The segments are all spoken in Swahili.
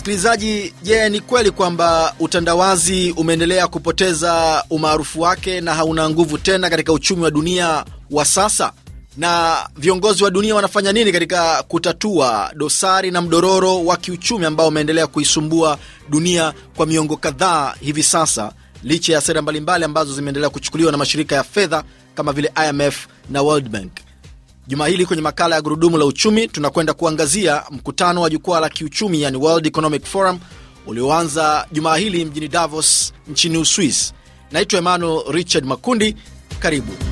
Msikilizaji, je, ni kweli kwamba utandawazi umeendelea kupoteza umaarufu wake na hauna nguvu tena katika uchumi wa dunia wa sasa? Na viongozi wa dunia wanafanya nini katika kutatua dosari na mdororo wa kiuchumi ambao umeendelea kuisumbua dunia kwa miongo kadhaa hivi sasa, licha ya sera mbalimbali ambazo zimeendelea kuchukuliwa na mashirika ya fedha kama vile IMF na World Bank? Juma hili kwenye makala ya gurudumu la uchumi tunakwenda kuangazia mkutano wa jukwaa la kiuchumi, yani World Economic Forum ulioanza jumaa hili mjini Davos nchini uswis Naitwa Emmanuel Richard Makundi, karibu.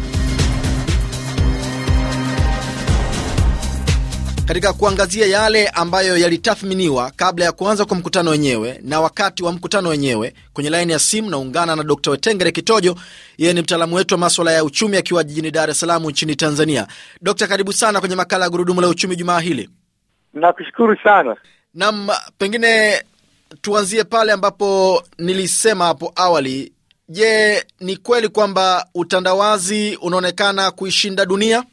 katika kuangazia yale ambayo yalitathminiwa kabla ya kuanza kwa mkutano wenyewe na wakati wa mkutano wenyewe. Kwenye laini ya simu naungana na Dr. Wetengere Kitojo, yeye ni mtaalamu wetu wa maswala ya uchumi akiwa jijini Dar es Salaam nchini Tanzania. Dokta, karibu sana kwenye makala ya Gurudumu la Uchumi jumaa hili. Nakushukuru sana. nam pengine tuanzie pale ambapo nilisema hapo awali. Je, ni kweli kwamba utandawazi unaonekana kuishinda dunia?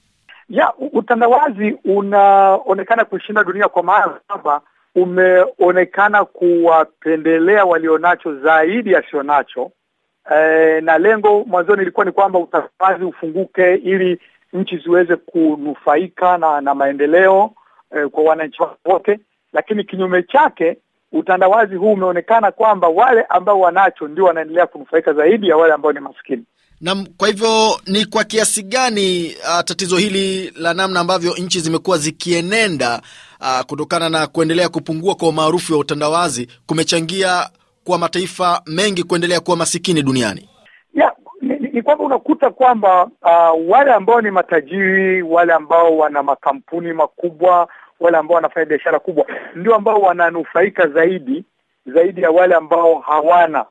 ya utandawazi unaonekana kuishinda dunia kwa maana kwamba umeonekana kuwapendelea walionacho zaidi asionacho. E, eh, na lengo mwanzoni ilikuwa ni kwamba utandawazi ufunguke ili nchi ziweze kunufaika na, na maendeleo e, kwa wananchi wote, lakini kinyume chake utandawazi huu umeonekana kwamba wale ambao wanacho ndio wanaendelea kunufaika zaidi ya wale ambao ni maskini. Na kwa hivyo ni kwa kiasi gani uh, tatizo hili la namna ambavyo nchi zimekuwa zikienenda uh, kutokana na kuendelea kupungua kwa umaarufu wa utandawazi kumechangia kwa mataifa mengi kuendelea kuwa masikini duniani? Yeah, ni, ni, ni kwamba unakuta kwamba uh, wale ambao ni matajiri, wale ambao wana makampuni makubwa, wale ambao wanafanya biashara kubwa ndio ambao wananufaika zaidi zaidi ya wale ambao hawana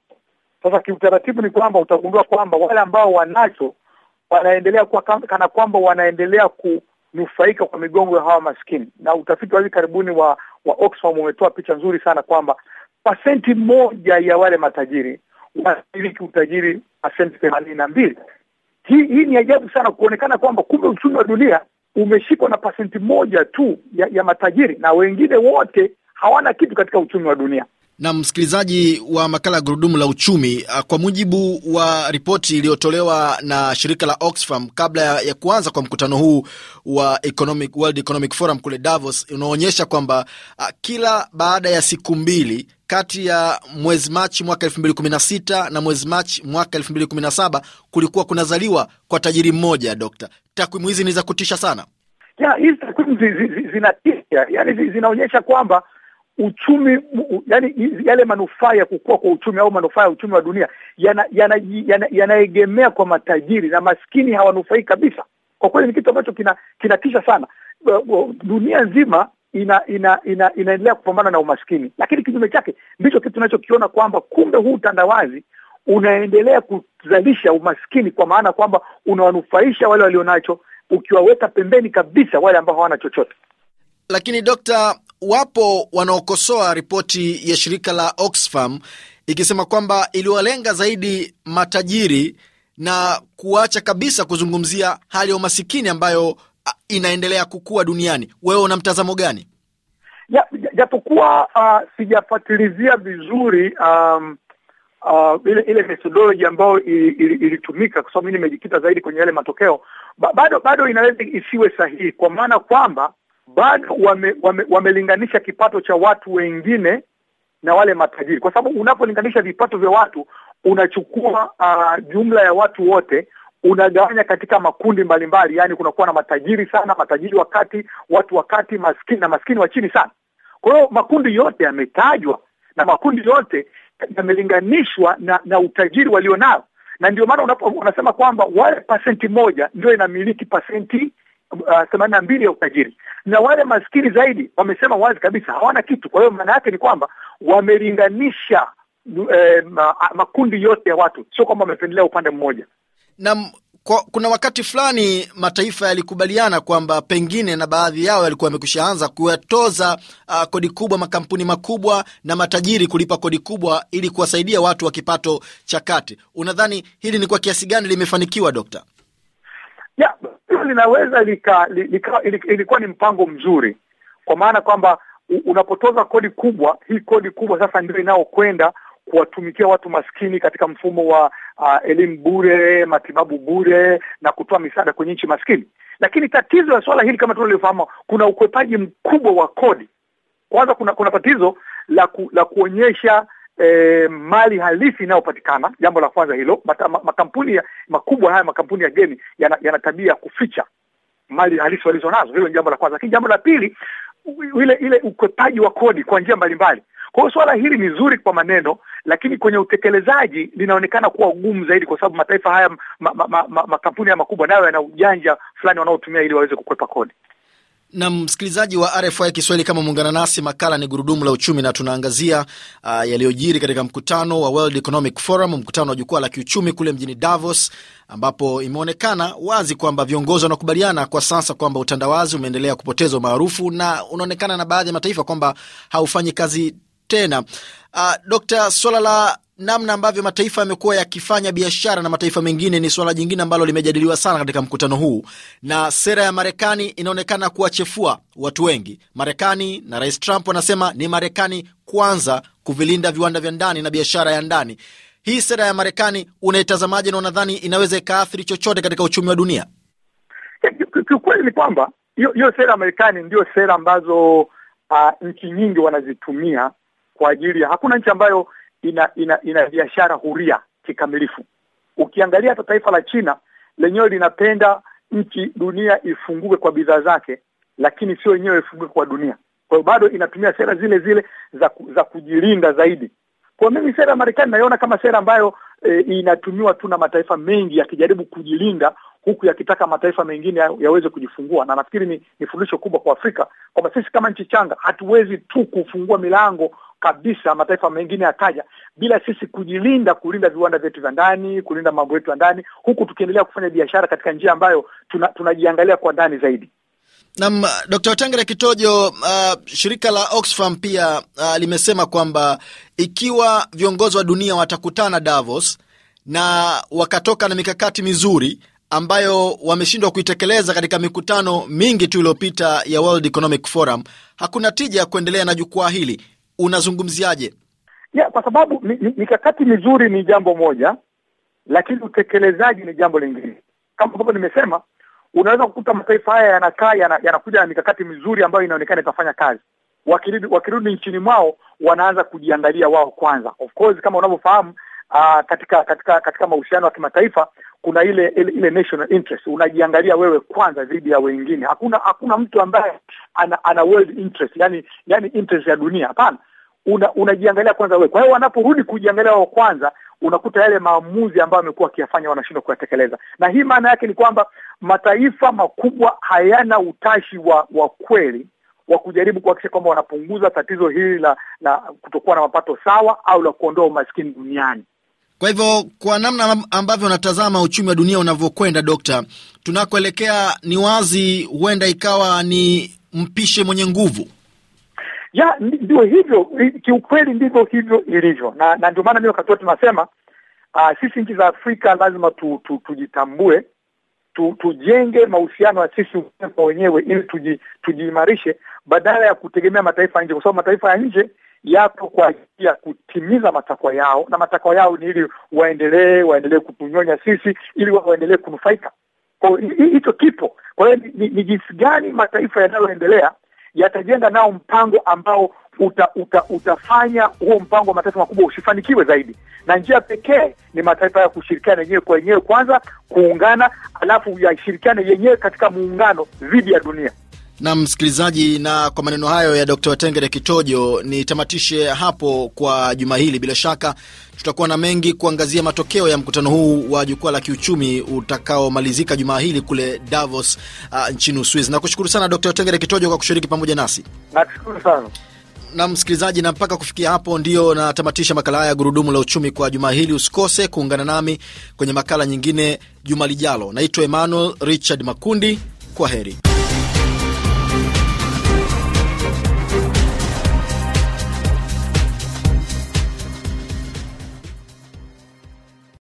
sasa kiutaratibu ni kwamba utagundua kwamba wale ambao wanacho wanaendelea kuwa kana kwamba wanaendelea kunufaika kwa migongo ya hawa maskini, na utafiti wa hivi karibuni wa wa Oxfam umetoa picha nzuri sana kwamba pasenti moja ya wale matajiri wanamiliki utajiri pasenti themanini na mbili. Hii hii ni ajabu sana kuonekana kwamba kumbe uchumi wa dunia umeshikwa na pasenti moja tu ya, ya matajiri na wengine wote hawana kitu katika uchumi wa dunia. Na msikilizaji wa makala ya gurudumu la uchumi, ah, kwa mujibu wa ripoti iliyotolewa na shirika la Oxfam kabla ya kuanza kwa mkutano huu wa Economic, World Economic Forum kule Davos, unaonyesha kwamba ah, kila baada ya siku mbili kati ya mwezi Machi mwaka kumi na mwezi Machi mwaka saba kulikuwa kunazaliwa kwa tajiri mmoja. Dokta, takwimu hizi ni za kutisha sana. Hizi takwimu zinatisha, yani zinaonyesha kwamba uchumi yani, yale manufaa ya kukua kwa uchumi au manufaa ya uchumi wa dunia yanaegemea yana, yana, yana kwa matajiri na maskini hawanufai kabisa. Kwa kweli ni kitu ambacho kinatisha kina sana. Dunia nzima ina, ina, ina, inaendelea kupambana na umaskini, lakini kinyume chake ndicho kitu tunachokiona kwamba kumbe huu utandawazi unaendelea kuzalisha umaskini, kwa maana kwamba unawanufaisha wale walionacho, ukiwaweka pembeni kabisa wale ambao hawana chochote. Lakini dokta, wapo wanaokosoa ripoti ya shirika la Oxfam ikisema kwamba iliwalenga zaidi matajiri na kuacha kabisa kuzungumzia hali ya umasikini ambayo inaendelea kukua duniani. Wewe una mtazamo gani? Japokuwa uh, sijafatilizia vizuri um, uh, ile ile methodology ambayo ilitumika, kwa sababu mi nimejikita zaidi kwenye yale matokeo ba, bado bado inaweza isiwe sahihi, kwa maana kwamba bado wame, wame, wamelinganisha kipato cha watu wengine na wale matajiri, kwa sababu unapolinganisha vipato vya watu unachukua uh, jumla ya watu wote unagawanya katika makundi mbalimbali, yani kunakuwa na matajiri sana, matajiri wa kati, watu wa kati, maskini na maskini wa chini sana. Kwa hiyo makundi yote yametajwa na makundi yote yamelinganishwa na, na utajiri walionao, na ndio maana unasema kwamba wale pasenti moja ndio inamiliki pasenti uh, themanini na mbili ya utajiri, na wale maskini zaidi wamesema wazi kabisa hawana kitu. Kwa hiyo maana yake ni kwamba wamelinganisha eh, ma, makundi yote ya watu, sio kwamba wamependelea upande mmoja na kwa, kuna wakati fulani mataifa yalikubaliana kwamba pengine na baadhi yao yalikuwa yamekusha anza kuwatoza uh, kodi kubwa makampuni makubwa na matajiri kulipa kodi kubwa ili kuwasaidia watu wa kipato cha kati. Unadhani hili ni kwa kiasi gani limefanikiwa, Dokta? linaweza lika, lika, lika, ilikuwa ni mpango mzuri kwa maana kwamba unapotoza kodi kubwa, hii kodi kubwa sasa ndio inayokwenda kuwatumikia watu maskini katika mfumo wa uh, elimu bure, matibabu bure na kutoa misaada kwenye nchi maskini. Lakini tatizo la suala hili kama tunavyofahamu, kuna ukwepaji mkubwa wa kodi. Kwanza kuna kuna tatizo la, ku, la kuonyesha e, mali halisi inayopatikana. Jambo la kwanza hilo. Makampuni makubwa haya, makampuni ya geni yana, yana tabia ya kuficha mali halisi walizo nazo. Hilo ni jambo la kwanza, lakini jambo la pili ile ile ukwepaji wa kodi kwa njia mbalimbali. Kwa hiyo swala hili ni zuri kwa maneno, lakini kwenye utekelezaji linaonekana kuwa gumu zaidi, kwa sababu mataifa haya makampuni ma, ma, ma, makampuni haya makubwa nayo yana ujanja fulani wanaotumia ili waweze kukwepa kodi. Na msikilizaji wa RFI Kiswahili, kama muungana nasi, makala ni gurudumu la uchumi, na tunaangazia uh, yaliyojiri katika mkutano wa World Economic Forum, mkutano wa jukwaa la kiuchumi kule mjini Davos, ambapo imeonekana wazi kwamba viongozi wanakubaliana kwa sasa kwamba utandawazi umeendelea kupoteza umaarufu na unaonekana na baadhi ya mataifa kwamba haufanyi kazi tena. Uh, Dkt. swala la namna ambavyo mataifa yamekuwa yakifanya biashara na mataifa mengine ni suala jingine ambalo limejadiliwa sana katika mkutano huu, na sera ya Marekani inaonekana kuwachefua watu wengi. Marekani na Rais Trump wanasema ni Marekani kwanza kuvilinda viwanda vya ndani na biashara ya ndani. Hii sera ya Marekani unaitazamaje, na unadhani inaweza ikaathiri chochote katika uchumi wa dunia? Eh, kiukweli ni kwamba hiyo sera ya Marekani ndiyo sera ambazo uh, nchi nyingi wanazitumia kwa ajili ya, hakuna nchi ambayo ina ina, ina biashara huria kikamilifu. Ukiangalia hata taifa la China lenyewe linapenda nchi dunia ifunguke kwa bidhaa zake, lakini sio yenyewe ifunguke kwa dunia. Kwa hiyo bado inatumia sera zile zile za, za kujilinda zaidi. Kwa mimi sera ya Marekani naiona kama sera ambayo e, inatumiwa tu na mataifa mengi yakijaribu kujilinda huku yakitaka mataifa mengine yaweze kujifungua, na nafikiri ni, ni fundisho kubwa kwa Afrika kwamba sisi kama nchi changa hatuwezi tu kufungua milango kabisa mataifa mengine yakaja bila sisi kujilinda, kulinda viwanda vyetu vya ndani, kulinda mambo yetu ya ndani, huku tukiendelea kufanya biashara katika njia ambayo tuna, tunajiangalia kwa ndani zaidi. Naam, uh, dr Tangere Kitojo, uh, shirika la Oxfam pia uh, limesema kwamba ikiwa viongozi wa dunia watakutana Davos na wakatoka na mikakati mizuri ambayo wameshindwa kuitekeleza katika mikutano mingi tu iliyopita ya World Economic Forum. Hakuna tija ya kuendelea na jukwaa hili, unazungumziaje? Yeah, kwa sababu mikakati mizuri ni jambo moja, lakini utekelezaji ni jambo lingine. Kama ambavyo nimesema, unaweza kukuta mataifa haya yanakaa yanakuja na mikakati mizuri ambayo inaonekana itafanya kazi, wakirudi wakirudi nchini mwao wanaanza kujiangalia wao kwanza. Of course kama unavyofahamu uh, katika katika katika mahusiano ya kimataifa kuna ile, ile ile national interest, unajiangalia wewe kwanza dhidi ya wengine. Hakuna hakuna mtu ambaye ana, ana world interest, yani yani interest ya dunia, hapana una- unajiangalia kwanza wewe. Kwa hiyo wanaporudi kujiangalia wao kwanza, unakuta yale maamuzi ambayo wamekuwa wakiyafanya wanashindwa kuyatekeleza, na hii maana yake ni kwamba mataifa makubwa hayana utashi wa wa kweli wa kujaribu kuhakikisha kwamba wanapunguza tatizo hili la la kutokuwa na mapato sawa au la kuondoa umaskini duniani. Kwa hivyo kwa namna ambavyo unatazama uchumi wa dunia unavyokwenda, dokta, tunakoelekea ni wazi, huenda ikawa ni mpishe mwenye nguvu. Ya, ndio hivyo, kiukweli ndivyo hivyo ilivyo, na, na ndio maana mimi wakati wote tunasema uh, ah, sisi nchi za Afrika lazima tu, tu, tujitambue tu, tujenge mahusiano ya sisi kwa wenyewe ili tujiimarishe, tuji badala ya kutegemea mataifa ya nje, kwa sababu mataifa ya nje yapo kwa ajili ya kutimiza matakwa yao, na matakwa yao ni ili waendelee waendelee kutunyonya sisi, ili waendelee kunufaika. Kwa hicho kipo. Kwa hiyo ni, ni jinsi gani mataifa yanayoendelea yatajenga nao mpango ambao uta, uta, utafanya huo mpango wa mataifa makubwa usifanikiwe zaidi, na njia pekee ni mataifa ya kushirikiana yenyewe kwa yenyewe, kwanza kuungana, alafu yashirikiane yenyewe katika muungano dhidi ya dunia. Na msikilizaji, na kwa maneno hayo ya Dr Tengere Kitojo nitamatishe hapo kwa juma hili. Bila shaka tutakuwa na mengi kuangazia matokeo ya mkutano huu wa jukwaa la kiuchumi utakaomalizika jumaa hili kule Davos, uh, nchini Uswizi. Nakushukuru sana Dr Tengere Kitojo kwa kushiriki pamoja nasi. Nakushukuru sana na msikilizaji, na mpaka kufikia hapo ndio natamatisha makala haya ya gurudumu la uchumi kwa juma hili. Usikose kuungana nami kwenye makala nyingine juma lijalo. Naitwa Emmanuel Richard Makundi, kwa heri.